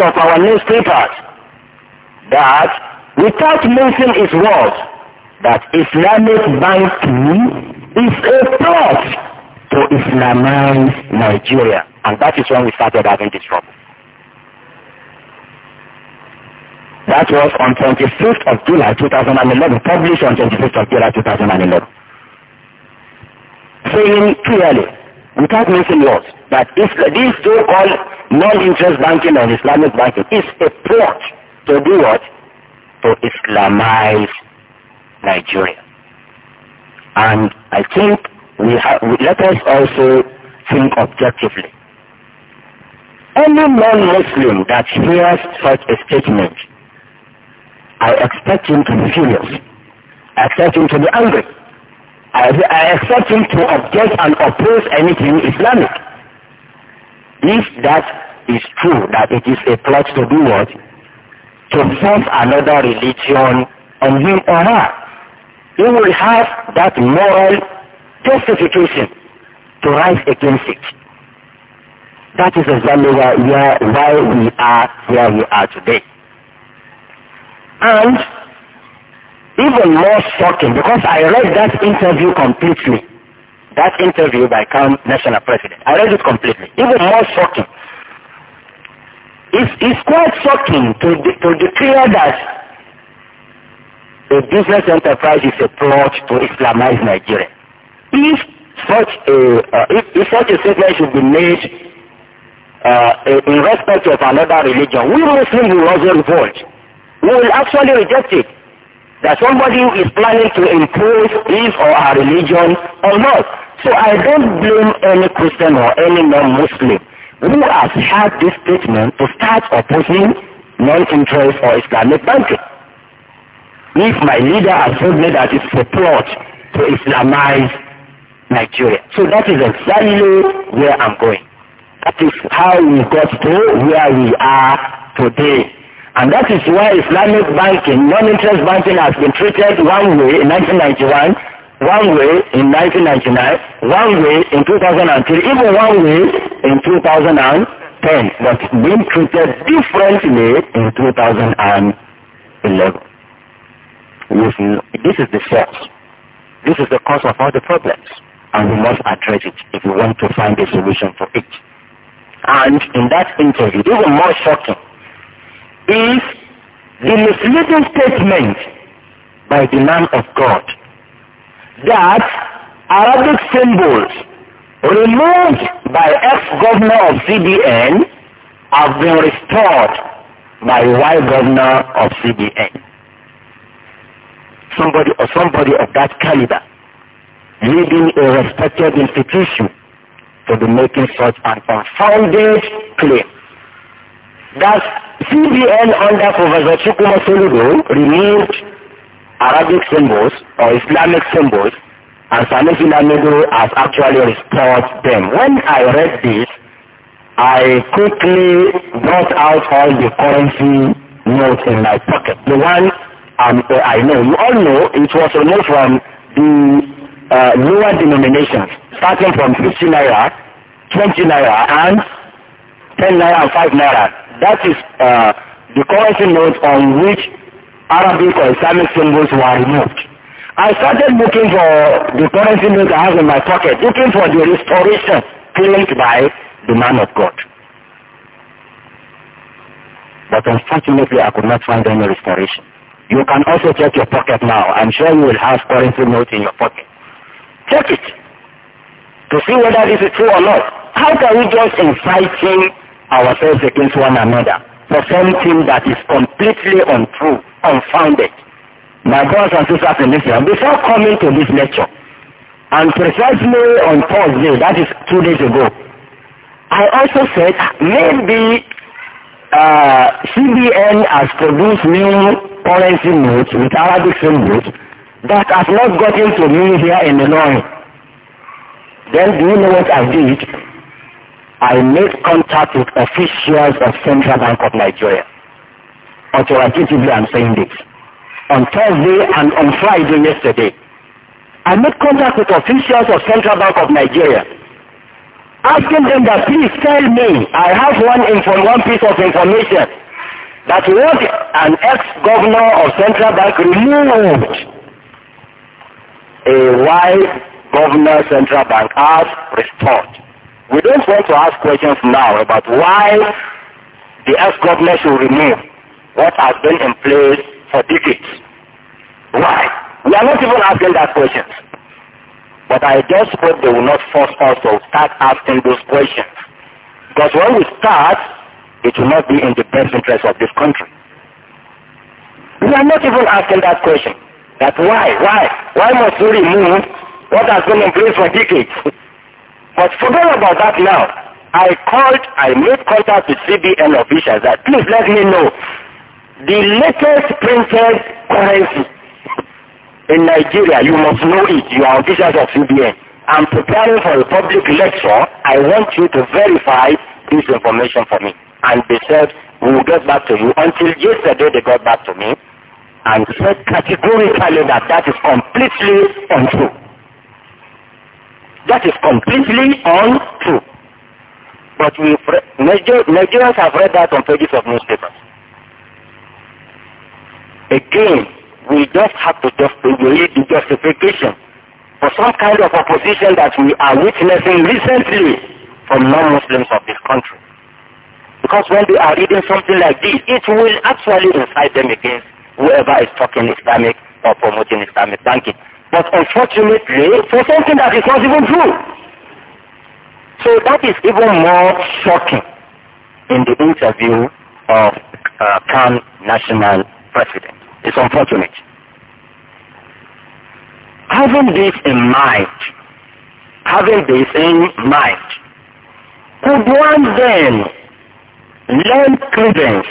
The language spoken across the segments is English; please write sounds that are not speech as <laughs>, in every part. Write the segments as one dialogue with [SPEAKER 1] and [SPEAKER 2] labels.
[SPEAKER 1] of our newspapers that without mentioning its words that Islamic banking is a plot to Islamize Nigeria. And that is when we started having this trouble. That was on 25th of July 2011, published on 25th of July 2011. Saying clearly, without mentioning words. that if these so-called non-interest banking and Islamic banking is a plot to do what? To Islamize Nigeria. And I think we have, let us also think objectively. Any non-Muslim that hears such a statement, I expect him to be furious. I expect him to be angry. I, I expect him to object and oppose anything Islamic. If that is true, that it is a plot to do what? To force another religion on him or her. He will have that moral justification to rise against it. That is exactly why, why we are where we are today. And even more shocking, because I read that interview completely, That interview by Calm National President. I read it completely. Even more shocking. It's, it's quite shocking to, de to declare that a business enterprise is a plot to Islamize Nigeria. If such a, uh, if, if such a statement should be made uh, in respect of another religion, we Muslims will also revolt. We will actually reject it that somebody is planning to impose his or her religion or not. So I don't blame any Christian or any non-Muslim who has had this statement to start opposing non-interest or Islamic banking. If my leader has told me that it's a plot to Islamize Nigeria. So that is exactly where I'm going. That is how we got to where we are today. And that is why Islamic banking, non-interest banking has been treated one way in 1991, one way in 1999, one way in 2003, even one way in 2010, but being treated differently in 2011. This is the source. This is the cause of all the problems. And we must address it if we want to find a solution for it. And in that interview, even more shocking, is the misleading statement by the man of God that Arabic symbols removed by ex-governor of CBN have been restored by Y governor of CBN. Somebody or somebody of that caliber leading a respected institution for the making such an unfounded claim. Does CBN under Professor Chukwuma Soludo removed Arabic symbols or Islamic symbols and Sanusi Lamido has actually restored them? When I read this, I quickly brought out all the currency notes in my pocket. The one um, I know, you all know, it was removed from the uh, lower denominations, starting from 50 naira, 20 naira, and 10 naira and 5 naira. That is uh, the currency note on which Arabic or Islamic symbols were removed. I started looking for the currency note I have in my pocket, looking for the restoration claimed by the man of God. But unfortunately, I could not find any restoration. You can also check your pocket now. I'm sure you will have currency note in your pocket. Check it to see whether this is true or not. How can we just invite him ourselves against one another for something that is completely untrue, unfounded. My brothers and sisters in Islam, before coming to this lecture, and precisely on Thursday, that is two days ago, I also said maybe uh, CBN has produced new currency notes with Arabic symbols that has not gotten to me here in the north. Then do you know what I did? I made contact with officials of Central Bank of Nigeria. Authoritatively, I'm saying this. On Thursday and on Friday yesterday, I made contact with officials of Central Bank of Nigeria, asking them that please tell me, I have one, inform, one piece of information, that what an ex-governor of Central Bank removed a wise governor Central Bank has restored. We don't want to ask questions now about why the ex-governor should remove what has been in place for decades. Why? We are not even asking that question. But I just hope they will not force us to start asking those questions. Because when we start, it will not be in the best interest of this country. We are not even asking that question. That why, why, why must we remove what has been in place for decades? But forget about that now. I called, I made contact with CBN officials that please let me know the latest printed currency in Nigeria. You must know it. You are officials of CBN. I'm preparing for a public lecture. I want you to verify this information for me. And they said, we will get back to you. Until yesterday they got back to me and said categorically that that is completely untrue. That is completely untrue. But we Nigerians have read that on pages of newspapers. Again, we just have to just read the justification for some kind of opposition that we are witnessing recently from non-Muslims of this country. Because when they are reading something like this, it will actually incite them against whoever is talking Islamic or promoting Islamic banking. But unfortunately, for something that is not even true. So that is even more shocking in the interview of uh, Khan national president. It's unfortunate. Having this in mind, having this in mind, could one then lend credence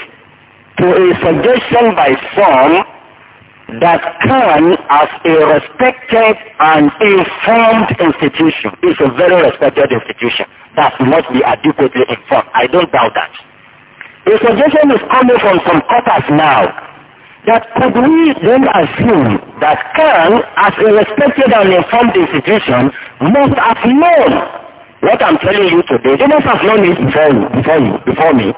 [SPEAKER 1] to a suggestion by some that can, as a respected and informed institution is a very respected institution that must be adequately informed. I don't doubt that. The suggestion is coming from some quarters now that could we then assume that can, as a respected and informed institution must have known what I'm telling you today. They must have known it before you, before you, before me.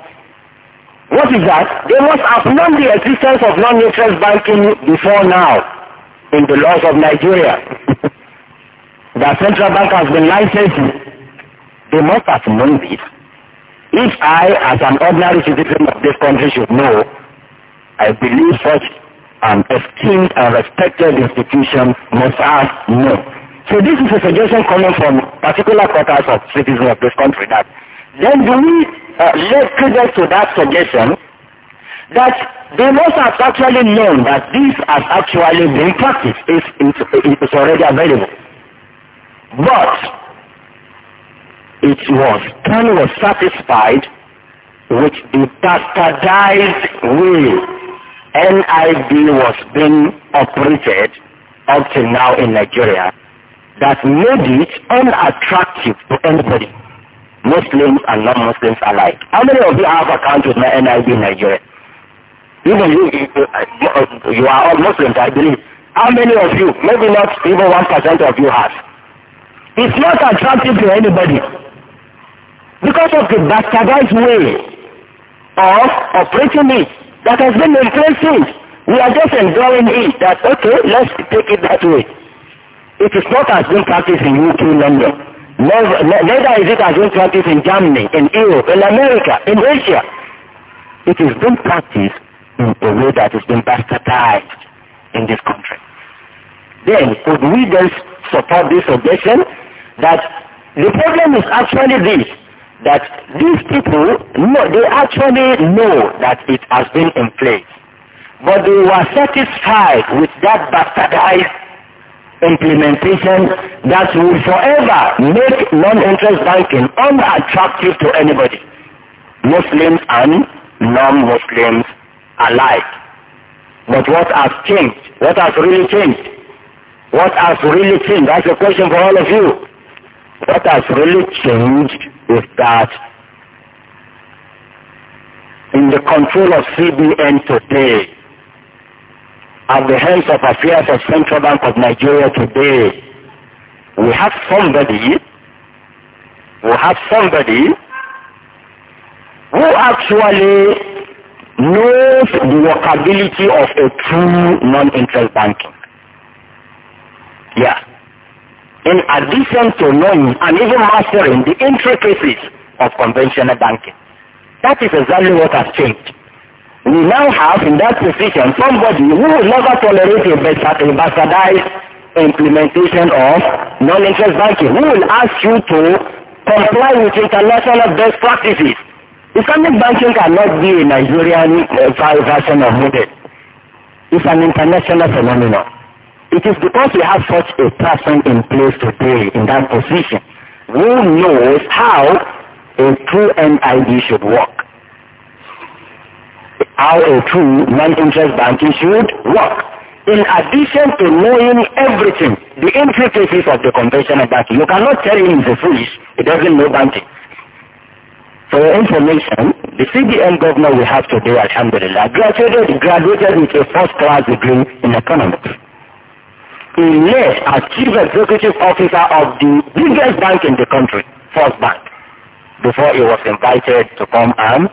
[SPEAKER 1] What is that? They must have known the existence of non-interest banking before now in the laws of Nigeria. <laughs> the central bank has been licensed. They must have known this. If I, as an ordinary citizen of this country, should know, I believe such an esteemed and respected institution must have known. So this is a suggestion coming from particular quarters of citizens of this country that then do we Uh, led previous to that suggestion that they must have actually known that this has actually been practiced. It's, it's, it's already available. But it was, Ken was satisfied with the bastardized way NIB was being operated up till now in Nigeria that made it unattractive to anybody. Muslims and non-Muslims alike. How many of you have accounts with my NIB in Nigeria? Even you, you, uh, you are all Muslims, I believe. How many of you, maybe not even one percent of you have? It's not attractive to anybody because of the bastardized way of operating it that has been in place since. We are just enjoying it that, okay, let's take it that way. It is not as been practiced in UK, London. Neither is it as in practice in Germany, in Europe, in America, in Asia. It is being practiced in a way that is being bastardized in this country. Then, could we then support this suggestion that the problem is actually this, that these people, no, they actually know that it has been in place. But they were satisfied with that bastardized implementation that will forever make non-interest banking unattractive to anybody, Muslims and non-Muslims alike. But what has changed? What has really changed? What has really changed? That's a question for all of you. What has really changed is that in the control of CBN today, at the hands of affairs of Central Bank of Nigeria today. We have somebody, we have somebody who actually knows the workability of a true non-interest banking. Yeah. In addition to knowing and even mastering the intricacies of conventional banking. That is exactly what has changed we now have in that position somebody who will never tolerate a bastardized implementation of non-interest banking, who will ask you to comply with international best practices. Islamic banking cannot be a Nigerian uh, version of model. It's an international phenomenon. It is because we have such a person in place today in that position who knows how a true NID should work how a non-interest bank should work. In addition to knowing everything, the intricacies of the conventional banking, you cannot tell him he's a foolish, he doesn't know banking. For your information, the CBN governor we have today, Alhamdulillah, graduated, graduated with a first-class degree in economics. He led as chief executive officer of the biggest bank in the country, First Bank, before he was invited to come and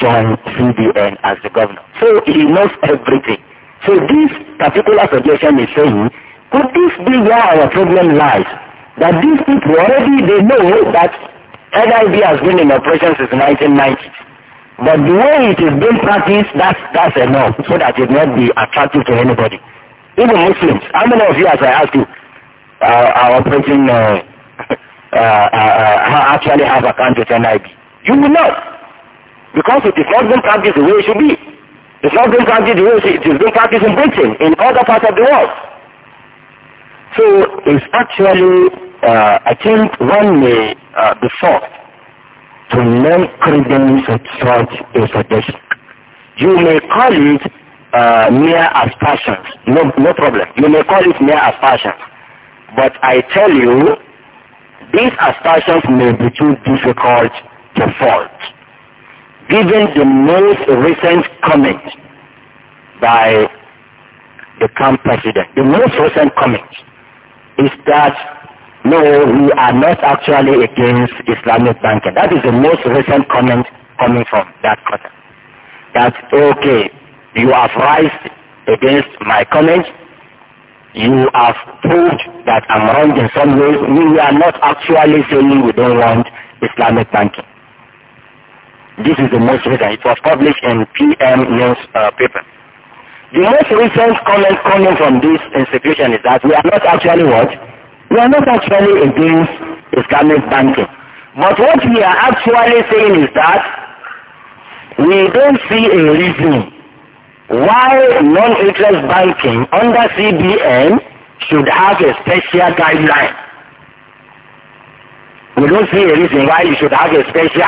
[SPEAKER 1] join CBN as the governor. So he knows everything. So this particular suggestion is saying, could this be where our problem lies? That these people already, they know that NIB has been in operation since 1990. But the way it is being practiced, that's, that's enough so that it not be attractive to anybody. Even Muslims, how many of you, as I asked you, uh, are operating, uh, <laughs> uh, uh, uh actually have a account with NIB? You will not. Because it is not being practiced the way it should be. It's not being practiced the way it, it is being practiced in Britain, in other parts of the world. So it's actually, uh, I think one may uh, be forced to non-credence such a suggestion. You may call it uh, mere aspersions. No, no problem. You may call it mere aspersions. But I tell you, these aspersions may be too difficult to fault. given the most recent comment by the camp president. The most recent comment is that no, we are not actually against Islamic banking. That is the most recent comment coming from that quarter. That okay, you have raised against my comment. You have proved that I'm wrong in some ways. We are not actually saying we don't want Islamic banking. This is the most recent. It was published in PM News uh, paper. The most recent comment coming from this institution is that we are not actually what? We are not actually against Islamic banking. But what we are actually saying is that we don't see a reason why non-interest banking under CBN should have a special guideline. We don't see a reason why you should have a special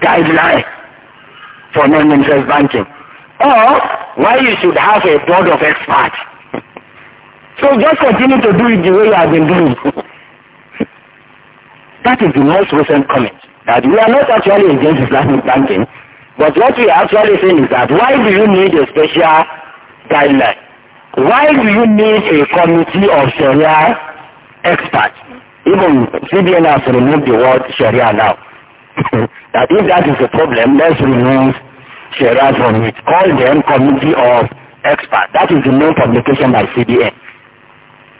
[SPEAKER 1] guideline for non-interest banking. Or why you should have a board of experts. <laughs> so just continue to do it the way you have been doing. <laughs> that is the most recent comment. That we are not actually against Islamic banking, but what we are actually saying is that why do you need a special guideline? Why do you need a committee of Sharia experts? Even CBN has removed the word Sharia now. <laughs> that if that is a problem, let's remove Sharia from it. Call them committee of experts. That is the main publication by CBN.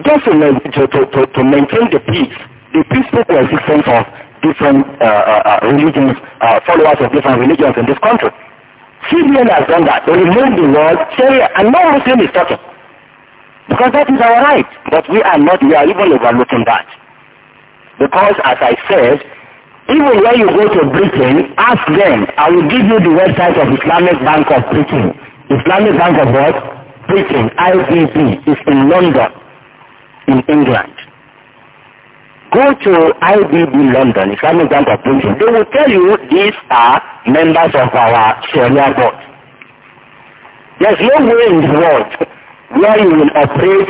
[SPEAKER 1] Just to, to, to, to maintain the peace, the peaceful coexistence of different uh, uh, uh religions, uh, followers of different religions in this country. CBN has done that. They removed the law. Sharia, and no Muslim is talking. Because that is our right. But we are not, we are even overlooking that. Because as I said, Even when you go to Britain, ask them, I will give you the website of Islamic Bank of Britain. Islamic Bank of what? Britain, IBB, is in London, in England. Go to IBB London, Islamic Bank of Britain. They will tell you these are members of our Sharia board. There's no way in the world where you will operate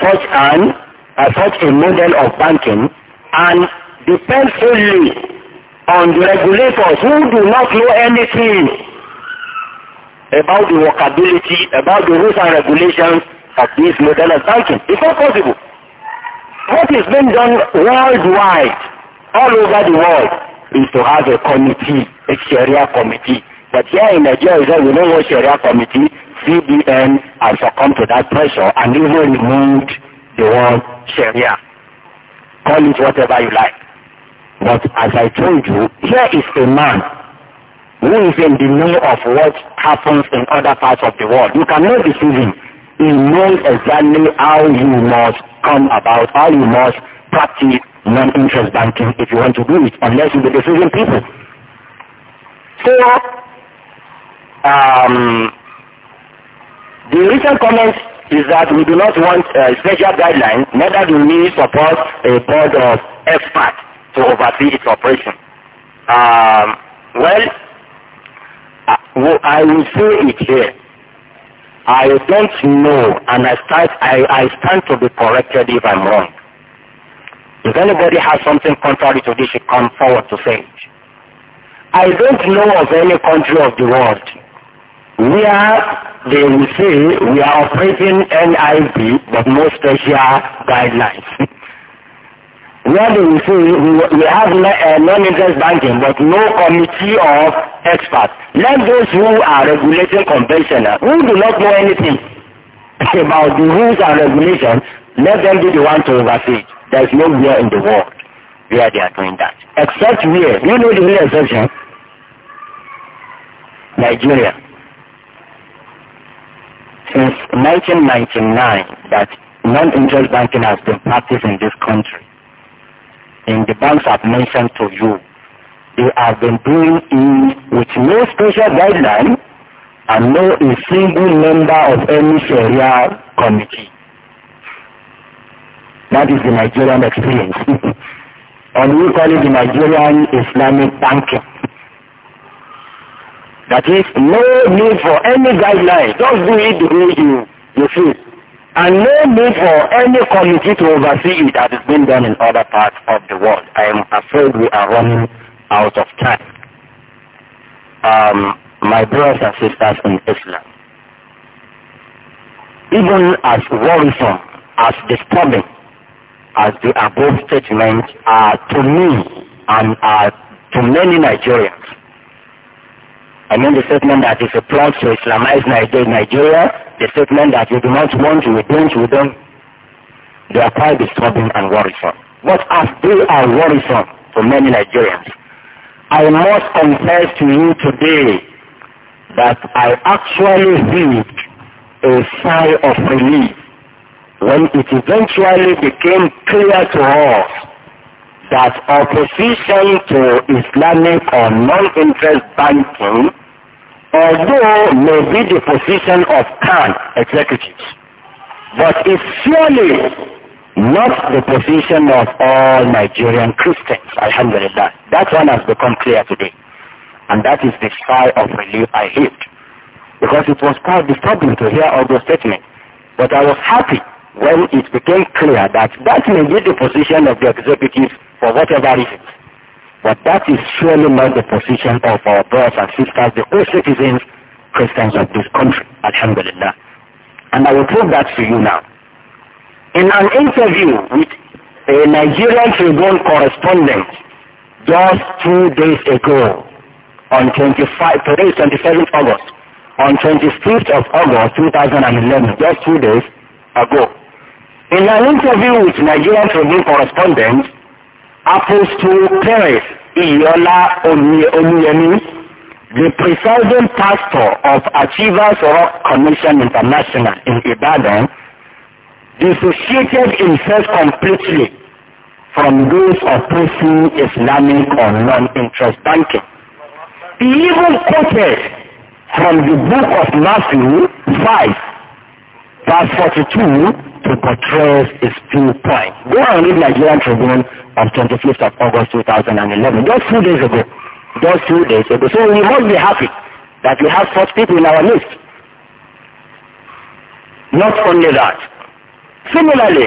[SPEAKER 1] such an uh, such a model of banking and depend solely on the regulators who do not know anything about the workability, about the rules and regulations of this model of banking. It's not possible. What is being done worldwide, all over the world, is to have a committee, a Sharia committee. But here in Nigeria, we know what Sharia committee, CBN, has succumbed to that pressure and even removed the word Sharia. Call it whatever you like. But as I told you, here is a man who is in the know of what happens in other parts of the world. You cannot deceive him. He knows exactly how you must come about, how you must practice non-interest banking if you want to do it, unless you be deceiving people. So, um, the recent comments is that we do not want a uh, special guideline, neither do we support a board of experts to oversee its operation? Um, well, uh, I will say it here. I don't know, and I stand, I, I stand to be corrected if I'm wrong. If anybody has something contrary to this, should come forward to say it. I don't know of any country of the world where they will say we are operating NIV but no special guidelines. <laughs> where they will say we, have no, uh, eh, non-interest banking but no committee of experts. Let those who are regulating conventional, eh, who do not know anything <laughs> about the rules and regulations, let them be the one to oversee. There is no nowhere in the world where they are doing that. Except where, you know the only exception? Nigeria. Since 1999 that non-interest banking has been practiced in this country in the banks I've mentioned to you, they have been doing it with no special guideline and no a single member of any Sharia committee. That is the Nigerian experience. <laughs> and we call it the Nigerian Islamic banking. That is, no need for any guideline. Just do it the way you, you feel and no need for any committee to oversee it as is being done in other parts of the world. I am afraid we are running out of time. Um, my brothers and sisters in Islam, even as worrisome, as disturbing as the above statements are to me and are to many Nigerians, I mean the statement that it's a plot to Islamize Nigeria, the statement that we do not want, to don't, we them. They are quite disturbing and worrisome. But as they are worrisome for many Nigerians, I must confess to you today that I actually did a sigh of relief when it eventually became clear to us that opposition to Islamic or non-interest banking although may be the position of Khan executives, but it's surely not the position of all Nigerian Christians, alhamdulillah. That one has become clear today. And that is the sigh of relief I heaved. Because it was quite disturbing to hear all those statements. But I was happy when it became clear that that may be the position of the executives for whatever reasons. But that is surely not the position of our brothers and sisters, the all citizens, Christians of this country, alhamdulillah. And I will prove that to you now. In an interview with a Nigerian Tribune correspondent just two days ago, on 25, today is 27th August, on 25th of August 2011, just two days ago, in an interview with Nigerian Tribune correspondent, Apostle Perez Iyola Omiyemi, the presiding pastor of Achievers Rock Commission International in Ibadan, dissociated himself completely from those opposing Islamic or non-interest banking. He even quoted from the book of Matthew 5 verse 42 to portray his viewpoint. Go and read Nigerian Tribune of 25th of August 2011, just two days ago. Just two days ago. So we must be happy that we have such people in our list. Not only that. Similarly,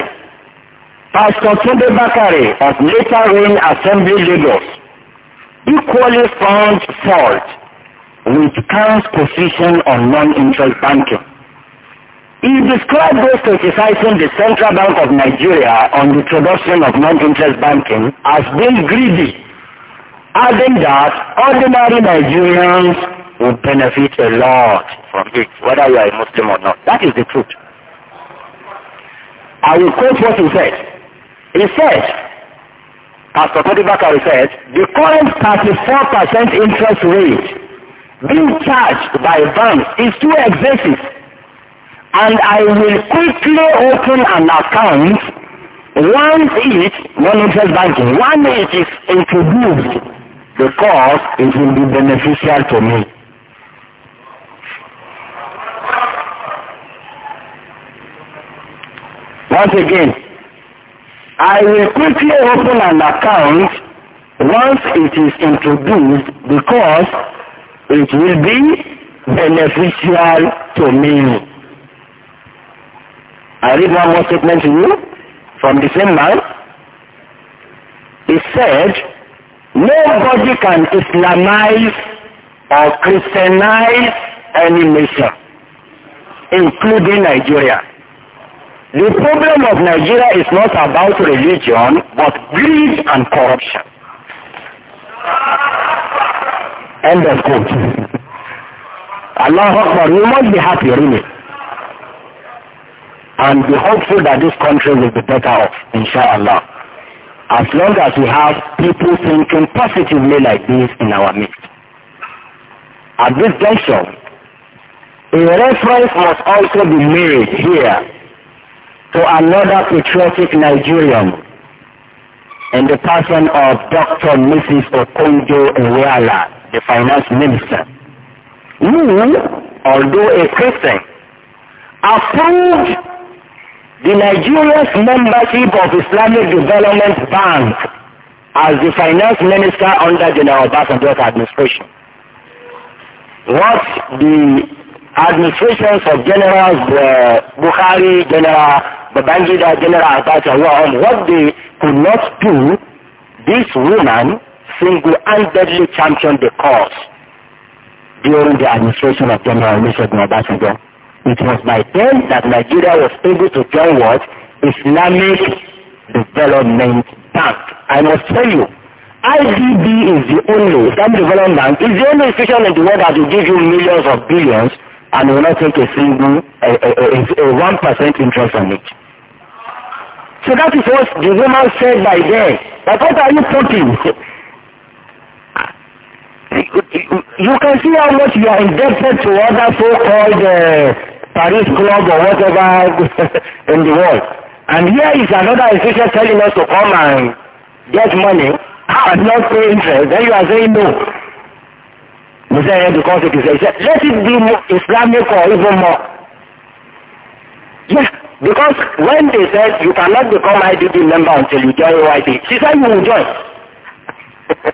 [SPEAKER 1] Pastor Tunde Bakare of Later Rain Assembly Lagos equally found fault with Khan's position on non-interest banking. He described those criticizing the Central Bank of Nigeria on the introduction of non-interest banking as being greedy, adding that ordinary Nigerians will benefit a lot from it, whether you are a Muslim or not. That is the truth. I will quote what he said. He said, Pastor Cody Bakari said, the current 34% interest rate being charged by banks is too excessive and I will quickly open an account once it, monetary banking, once it is introduced because it will be beneficial to me. Once again, I will quickly open an account once it is introduced because it will be beneficial to me. I read one more statement to you from the same man. He said, nobody can Islamize or Christianize any nation, including Nigeria. The problem of Nigeria is not about religion, but greed and corruption. End of quote. <laughs> Allah Akbar, you must be happy, really. and be hopeful that this country will be better off, inshallah. As long as we have people thinking positively like this in our midst. At this juncture, a reference must also be made here to another patriotic Nigerian in the person of Dr. Mrs. Okonjo Iweala, the finance minister. You, although a Christian, approved The Nigeria's membership of Islamic Development Bank as the finance minister under General Obasanjo's administration. What the administrations of Generals uh, Buhari, General Babangida, General Abacha were on, what they could not do, this woman single-handedly championed the cause during the administration of General Olusegun Obasanjo. It was by them that Nigeria was able to join what? Islamic Development Bank. I must tell you, IDB is the only, Islamic Development Bank is the only institution in the world that will give you millions of billions and will not take a single, a, a, a, a 1% interest on it. So that is what the woman said by then. But what are you talking? <laughs> you can see how much you are indebted to other so-called uh, Paris Club or whatever <laughs> in the world. And here is another institution telling us to come and get money and not pay interest. Then you are saying no. We say because it is let it be Islamic or even more. Yeah, because when they said you cannot become IDB member until you join YP, she said you will join. <laughs>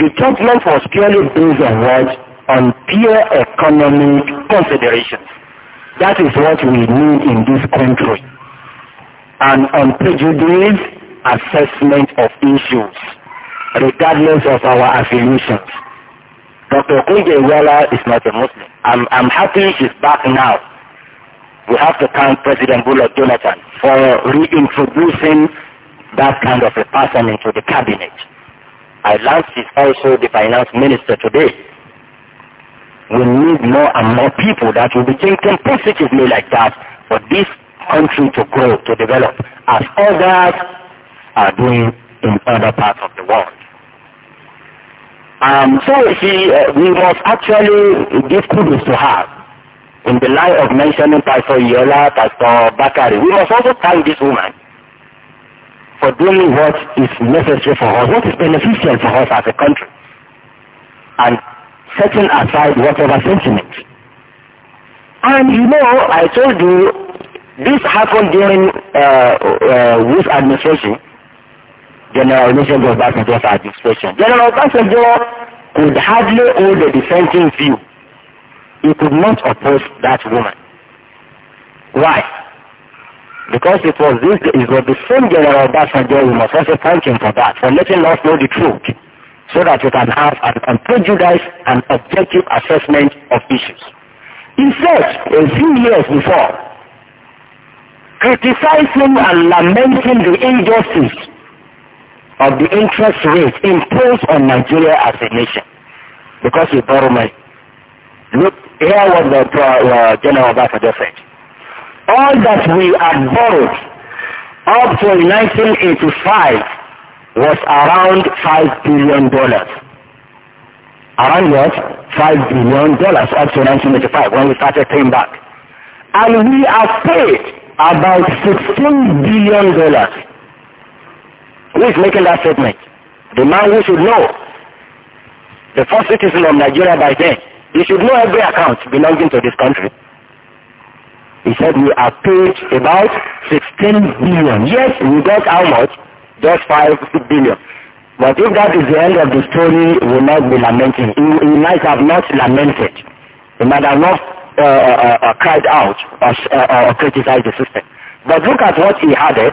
[SPEAKER 1] the judgment was purely based on what on pure economic considerations. That is what we need in this country. An unprejudiced assessment of issues, regardless of our affiliations. Dr. Kujewala is not a Muslim. I'm, I'm happy she's back now. We have to thank President Bullock Jonathan for reintroducing that kind of a person into the cabinet. I learned she's also the finance minister today. We need more and more people that will be thinking positively like that for this country to grow, to develop, as others are doing in other parts of the world. Um, so see, uh, we must actually give kudos to her. In the light of mentioning Pastor Yola, Pastor Bakari, we must also thank this woman for doing what is necessary for us, what is beneficial for us as a country. And setting aside whatever sentiment. And you know, I told you, this happened during uh, uh, this administration. General Olusegun Obasanjo's administration. General Obasanjo could hardly hold a dissenting view. He could not oppose that woman. Why? Because it was this, it was the same General Obasanjo, we must also thank him for that, for letting us know the truth so that you can have an unprejudiced and objective assessment of issues. In fact, a few years before, criticizing and lamenting the injustice of the interest rate imposed on Nigeria as a nation because we borrow money. Look, here what the uh, uh, General Obasanjo said. All that we had borrowed up to 1985 was around five billion. dollars. Around what? $5 billion up to 1995, when we started paying back. And we have paid about $16 billion. dollars. Who is making that statement? The man who should know. The first citizen of Nigeria by then. He should know every account belonging to this country. He said we have paid about 16 billion. Yes, we got how much? just five billion. But if that is the end of the story, we will not be lamenting. He, might have not lamented. He might have not uh, uh, uh, uh cried out uh, uh, or, criticized the system. But look at what he added.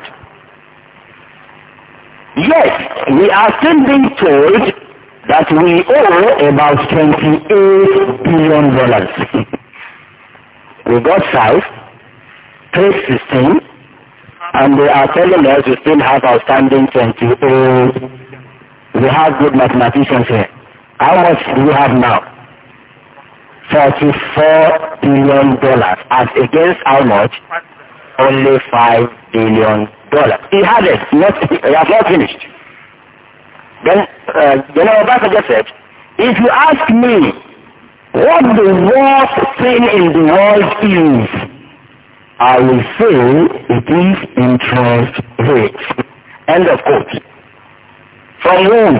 [SPEAKER 1] Yes, we are still being told that we owe about twenty-eight billion. dollars. <laughs> we got 5, paid 16, and they are telling us we still have outstanding 28. We have good mathematicians here. How much do we have now? $44 billion dollars. as against how much? Only $5 billion. He had it. Not, he has not finished. Then, uh, you know, Obasa said, if you ask me what the worst thing in the world is, I will say it is interest rates. End of quote. From whom?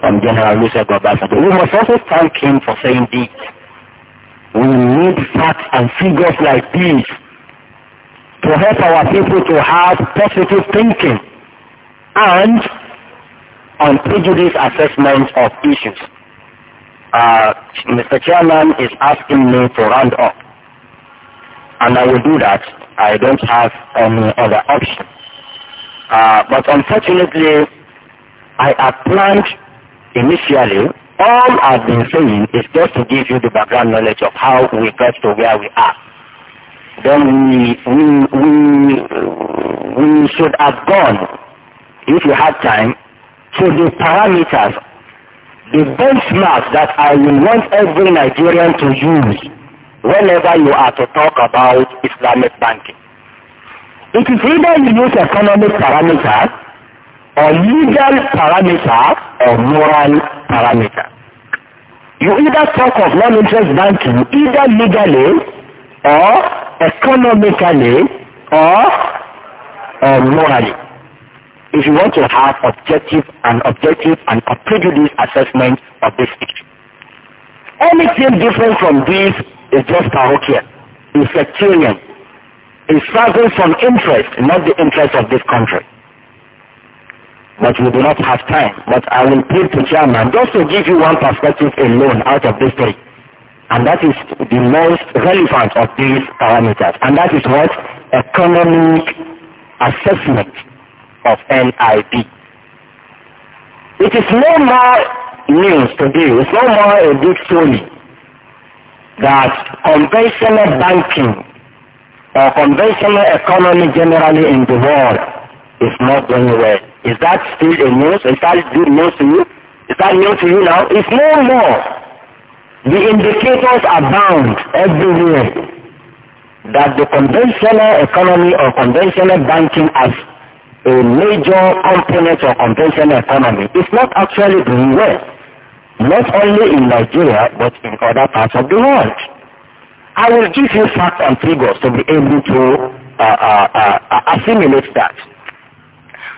[SPEAKER 1] From General Lucia Gorbachev. We must also thank him for saying this. We need facts and figures like these to help our people to have positive thinking and prejudice assessment of issues. Uh, Mr. Chairman is asking me to round up. and I will do that. I don't have any other option. Uh, but unfortunately, I planned initially. All I've been saying is just to give you the background knowledge of how we got to where we are. Then we, we, we, we should have gone, if you had time, to the parameters, the benchmark that I will want every Nigerian to use whenever you are to talk about Islamic banking. It is either you use economic parameters or legal parameters or moral parameters. You either talk of non-interest banking either legally or economically or, or morally. If you want to have objective and objective and a prejudiced assessment of this issue. Anything different from these is just parochial. It's sectarian. It's serving from interest, not the interest of this country. But we do not have time. But I will plead to chairman just to give you one perspective alone out of this three. And that is the most relevant of these parameters. And that is what? Economic assessment of NIB. It is no more news today. It's no more a big story that conventional banking or conventional economy generally in the world is not going well. Is that still a news? Is that good news to you? Is that new to you now? It's no more. The indicators abound everywhere that the conventional economy or conventional banking as a major component of conventional economy is not actually doing well not only in Nigeria, but in other parts of the world. I will give you facts and figures to be able to uh, uh, uh, uh assimilate that.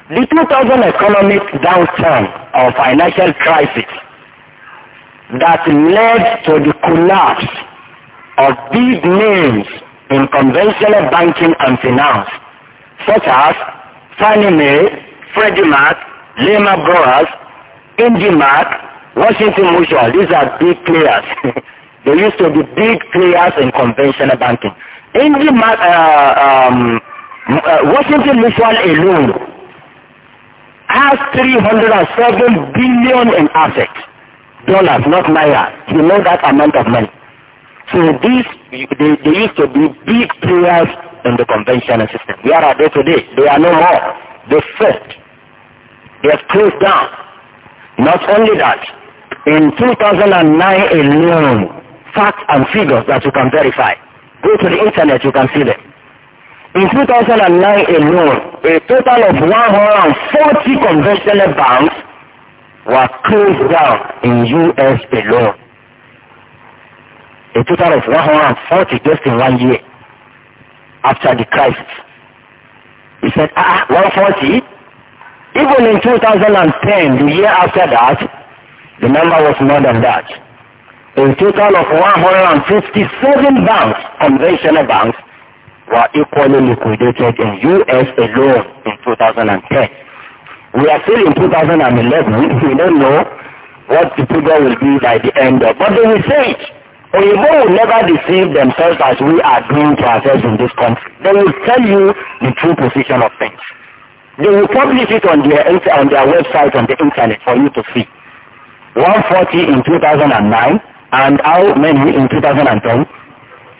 [SPEAKER 1] The 2000 economic downturn or financial crisis that led to the collapse of big names in conventional banking and finance, such as Fannie Mae, Freddie Mac, Lehman Brothers, Indy Mac, Washington Mutual, these are big players. <laughs> they used to be big players in conventional banking. In the, uh, um, uh, Washington Mutual alone has 307 billion in assets. Dollars, not naira. You know that amount of money. So these, they, they used to be big players in the conventional system. We are there today? They are no more. They fought. They have closed down. Not only that, in 2009 alone, facts and figures that you can verify. Go to the internet, you can see them. In 2009 alone, a total of 140 conventional banks were closed down in U.S. alone. A total of 140 just in one year after the crisis. He said, ah, 140? Ah, Even in 2010, the year after that, The number was more than that. A total of 157 banks, conventional banks, were equally liquidated in U.S. alone in 2010. We are still in 2011. We don't know what the figure will be by the end of. But they will say it. Oyibo will never deceive themselves as we are doing to ourselves in this country. They will tell you the true position of things. They will publish it on their, on their website, on the internet for you to see. 140 in 2009 and how many in 2010?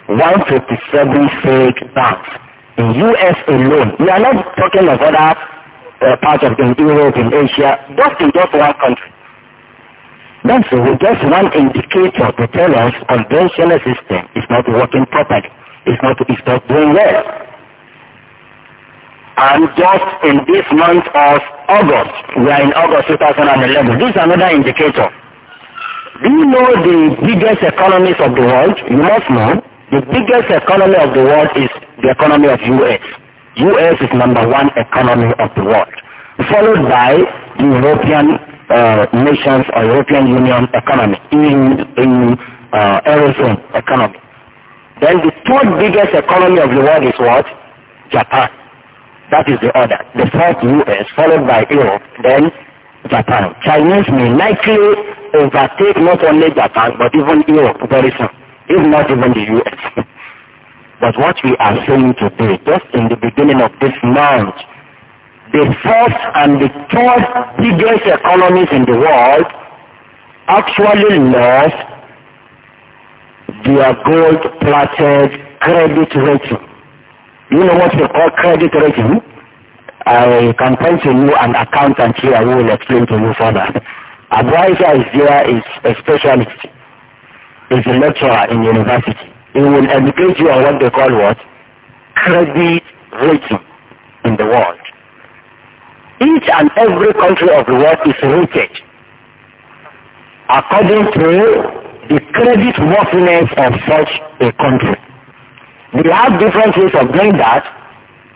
[SPEAKER 1] 157 fake banks. In US alone, we are not talking of other uh, parts of in Europe, in Asia, just in just one country. That's just one indicator to tell us conventional system is not working properly. It's not, it's not doing well. And just in this month of August, we are in August 2011. This is another indicator. Do you know the biggest economies of the world? You must know. The biggest economy of the world is the economy of U.S. U.S. is number one economy of the world, followed by the European uh, nations or European Union economy, in, in uh, Eurozone economy. Then the third biggest economy of the world is what? Japan. That is the order. The first US, followed by Europe, then Japan. Chinese may likely overtake not only Japan, but even Europe very soon, if not even the US. <laughs> But what we are saying today, just in the beginning of this month, the fourth and the third biggest economies in the world actually lost their gold-plated credit rating you know what they call credit rating? I can point to you an accountant here who will explain to you further. Advisor is there is a specialist, is a lecturer in university. He will educate you on what they call what? Credit rating in the world. Each and every country of the world is rated according to the credit worthiness of such a country. We have different ways of doing that,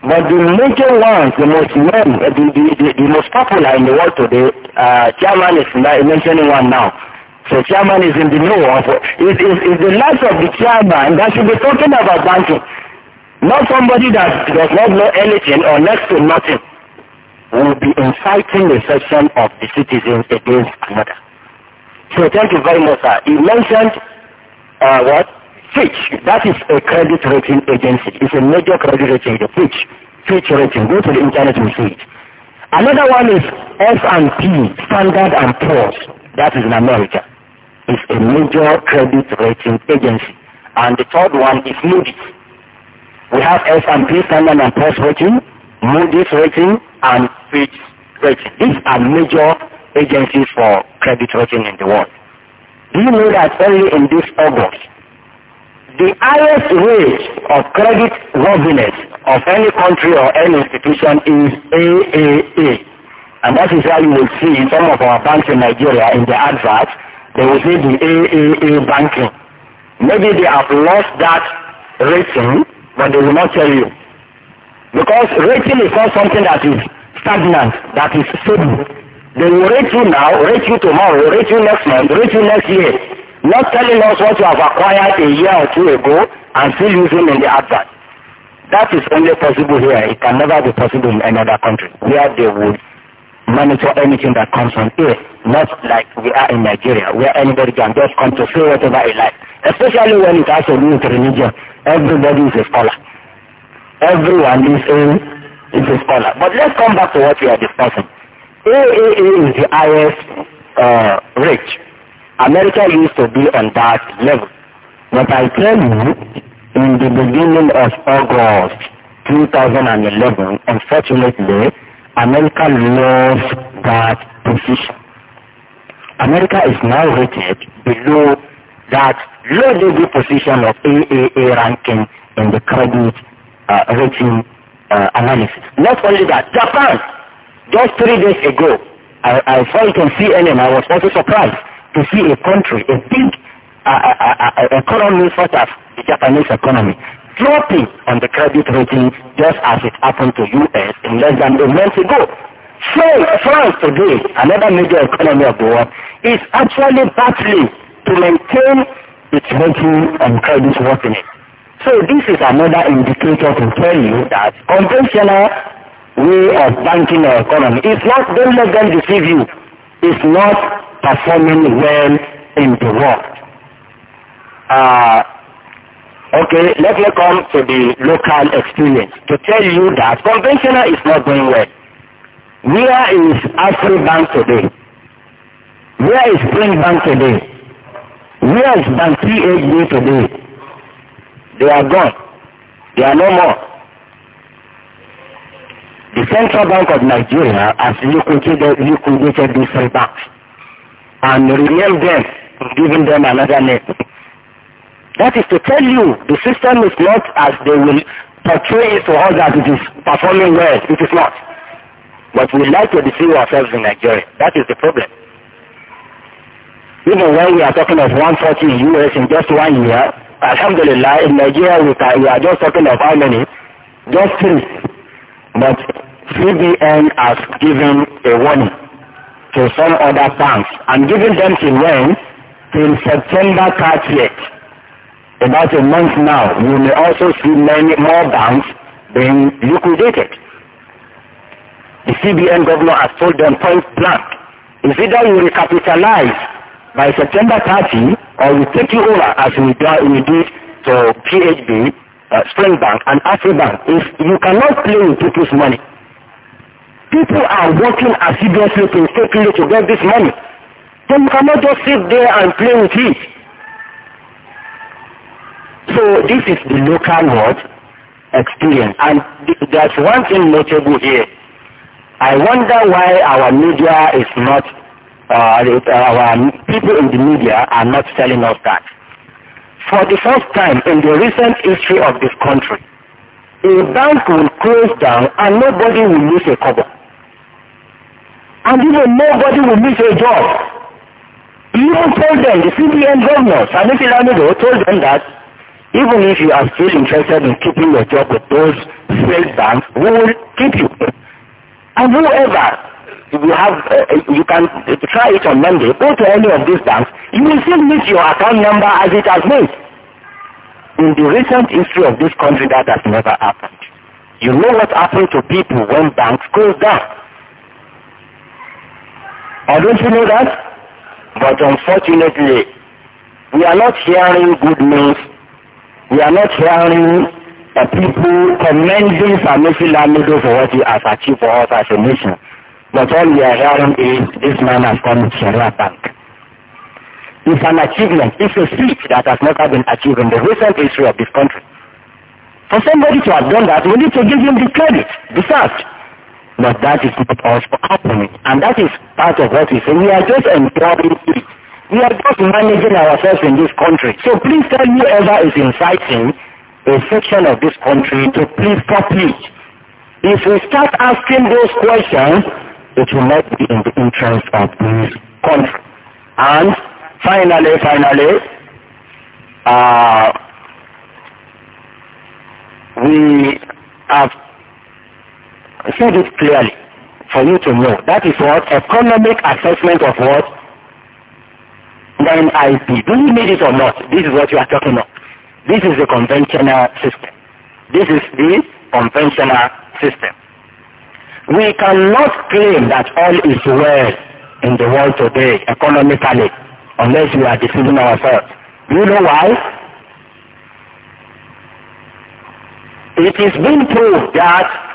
[SPEAKER 1] but the major ones, the most known, the, the, the, the most popular in the world today, uh, chairman is mentioning one now. So chairman is in the know of, is, is, is the life of the chairman that should be talking about banking. Not somebody that does not know anything or next to nothing will be inciting a section of the citizens against another. So thank you very much, sir. You mentioned, uh, what? Fitch, that is a credit rating agency. It's a major credit rating agency, Fitch. Fitch rating. Go to the internet and see it. Another one is S&P, Standard and Poor's. That is in America. It's a major credit rating agency. And the third one is Moody's. We have S&P, Standard and Poor's rating, Moody's rating, and Fitch rating. These are major agencies for credit rating in the world. Do you know that only in this August, The highest rate of credit worthiness of any country or any institution is AAA. And that is why you will see in some of our banks in Nigeria in the adverts, they will say the AAA banking. Maybe they have lost that rating, but they will not tell you. Because rating is not something that is stagnant, that is stable. They will rate you now, rate you tomorrow, rate you next month, rate you next year. Not telling us what you have acquired a year or two ago and still using in the advert. That is only possible here. It can never be possible in another country where they would monitor anything that comes from here. Not like we are in Nigeria where anybody can just come to say whatever he likes. Especially when it has to do with religion. Everybody is a scholar. Everyone is a, is a scholar. But let's come back to what we are discussing. AAA is the highest uh, rate America used to be on that level. But I tell you, in the beginning of August 2011, unfortunately, America lost that position. America is now rated below that low level position of AAA ranking in the credit uh, rating uh, analysis. Not only that, Japan, just three days ago, I, I saw it on CNN, I was also surprised to see a country, a big uh, uh, uh, economy such as the Japanese economy, dropping on the credit rating just as it happened to U.S. in less than a month ago. So France today, another major economy of the world, is actually battling to maintain its rating and credit worthiness. So this is another indicator to tell you that conventional way of banking our economy is not, don't let them deceive you. It's not performing well in the world. Uh, okay, let me come to the local experience to tell you that conventional is not going well. Where is Afri today? Where is Spring Bank today? Where is Bank PHB today? They are gone. They are no more. The Central Bank of Nigeria has liquidated, liquidated these banks and rename them, giving them another name. That is to tell you, the system is not as they will portray it to us that it is performing well. It is not. But we like to deceive ourselves in Nigeria. That is the problem. Even when we are talking of 140 US in just one year, Alhamdulillah, in Nigeria we, we are just talking of how many? Just three. But CBN has given a warning to some other banks. I'm giving them to when? Till September 30th. About a month now, you may also see many more banks being liquidated. The CBN governor has told them point blank. It's either you recapitalize by September 30 or we take you over as we, did to PHB, uh, Bank, and Afribank. If you cannot play with people's money, People are working assiduously to stay to get this money. Then you cannot just sit there and play with it. So this is the local world experience. And there's one thing notable here. I wonder why our media is not, uh, our people in the media are not telling us that. For the first time in the recent history of this country, a bank will close down and nobody will lose a kobo and even nobody will miss a job. He even told them, the CBN governor, Sanusi Lamido, told them that even if you are still interested in keeping your job with those failed banks, we will keep you. And whoever you have, uh, you can try it on Monday, go to any of these banks, you will still miss your account number as it has missed. In the recent history of this country, that has never happened. You know what happened to people when banks closed down I don't you know that? But unfortunately, we are not hearing good news. We are not hearing the people commending Sanusi Lamido for what he has achieved for us as a nation. But all we are hearing is this man has come to Sharia Bank. It's an achievement. It's a feat that has never been achieved in the recent history of this country. For somebody to have done that, we need to give him the credit, the fact. but that is not us problem, And that is part of what we say. We are just employing it. We are just managing ourselves in this country. So please tell me, whoever is inciting a section of this country to please stop If we start asking those questions, it will not be in the interest of this country. And finally, finally, uh, we have said it clearly for you to know. That is what? Economic assessment of what? Then IP. Do you need it or not? This is what you are talking of. This is the conventional system. This is the conventional system. We cannot claim that all is well in the world today economically unless we are deceiving ourselves. Do you know why? It is been proved that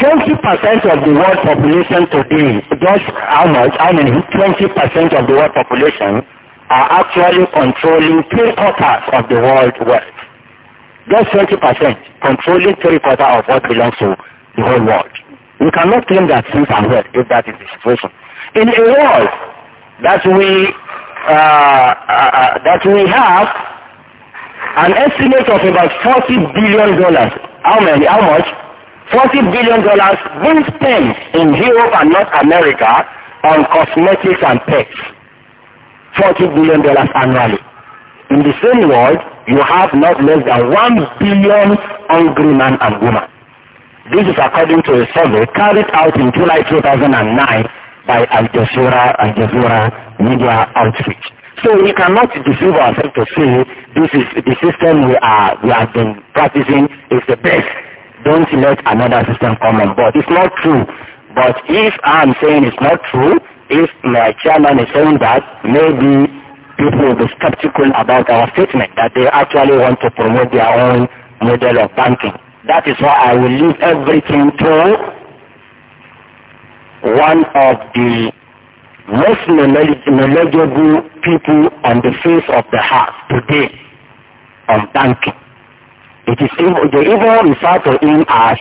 [SPEAKER 1] Twenty percent of the world population today, just how much, how many, percent of the world population are actually controlling three quarters of the world wealth. Just twenty percent controlling three quarters of what belongs to the whole world. You cannot claim that things are wealth if that is the situation. In a world that we, uh, uh, uh, that we have an estimate of about forty billion dollars, how many, how much? forty billion dollars being spent in Europe and North America on cosmetics and pets. Forty billion dollars annually. In the same world, you have not less than one billion hungry man and woman. This is according to a survey carried out in July 2009 by Al Jazeera, Al Jazeera Media Outreach. So we cannot deceive ourselves to say this is the system we are we have been practicing is the best don't let another system come on board. It's not true. But if I'm saying it's not true, if my chairman is saying that, maybe people will be skeptical about our statement that they actually want to promote their own model of banking. That is why I will leave everything to one of the most knowledgeable people on the face of the earth today on banking. It is even, they even refer to him as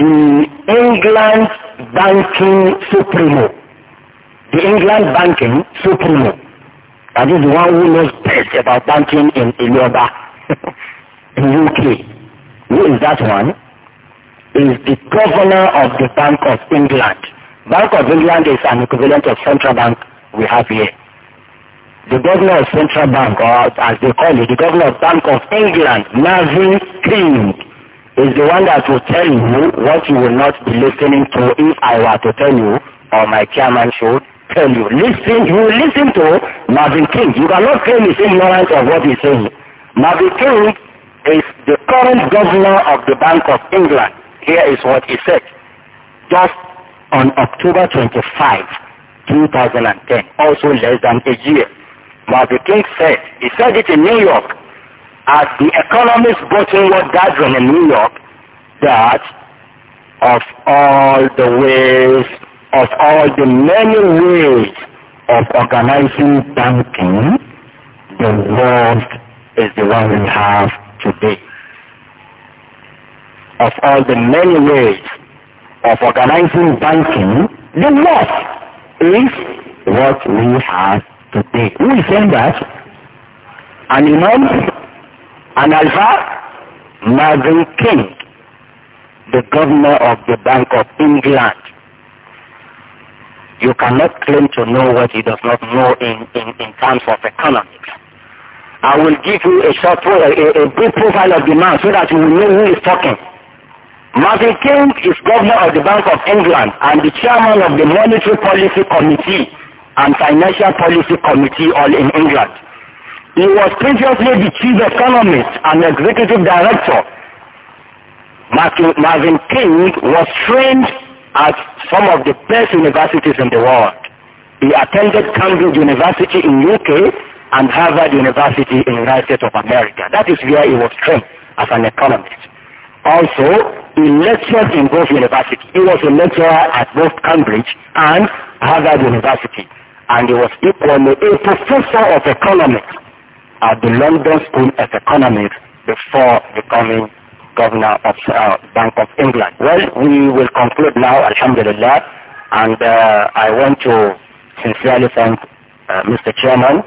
[SPEAKER 1] the England banking supremo. The England banking supremo. That is the one who knows best about banking in Iloba, in UK. <laughs> Who is that one? Is the governor of the Bank of England. Bank of England is an equivalent of central bank we have here the governor of Central Bank, or as they call it, the governor of Bank of England, Marvin King, is the one that will tell you what you will not be listening to if I were to tell you, or my chairman show, tell you. Listen, you listen to Marvin King. You cannot claim his ignorance of what he saying. Marvin King is the current governor of the Bank of England. Here is what he said. Just on October twenty-five, two thousand and ten. also less than a year But the king said. He said it in New York. As the economist voting were gathering in New York, that of all the ways, of all the many ways of organizing banking, the law is the one we have today. Of all the many ways of organizing banking, the law is what we have to take. Who is saying that? An Imam, an Alpha, Marvin King, the governor of the Bank of England. You cannot claim to know what he does not know in, in, in terms of economics. I will give you a short profile, a, a brief profile of the man so that you will know who is talking. Martin King is governor of the Bank of England and the chairman of the Monetary Policy Committee and Financial Policy Committee all in England. He was previously the chief economist and executive director. Martin, Marvin King was trained at some of the best universities in the world. He attended Cambridge University in UK and Harvard University in the United States of America. That is where he was trained as an economist. Also, he lectured in both universities. He was a lecturer at both Cambridge and Harvard University and he was equally a professor of economics at the London School of Economics before becoming governor of uh, Bank of England. Well, we will conclude now, alhamdulillah, and uh, I want to sincerely thank uh, Mr. Chairman,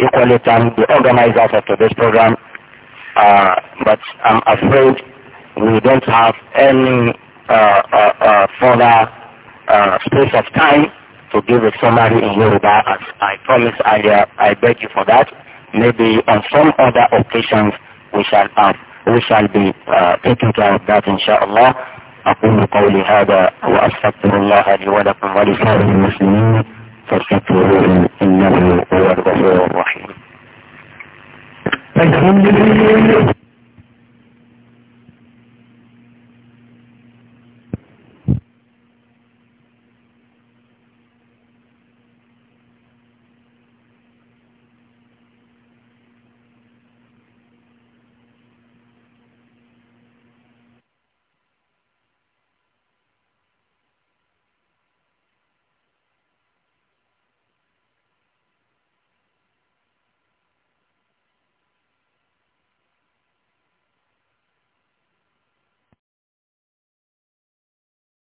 [SPEAKER 1] equally thank the organizers of today's program, uh, but I'm afraid we don't have any uh, uh, further space of time to give a summary in Yoruba as I promise earlier, uh, I beg you for that. Maybe on some other occasions we shall have, um, we shall be uh, taking care of that inshallah. أقول قولي هذا وأستغفر الله لي ولكم ولسائر المسلمين فاستغفروه إنه هو الغفور الرحيم.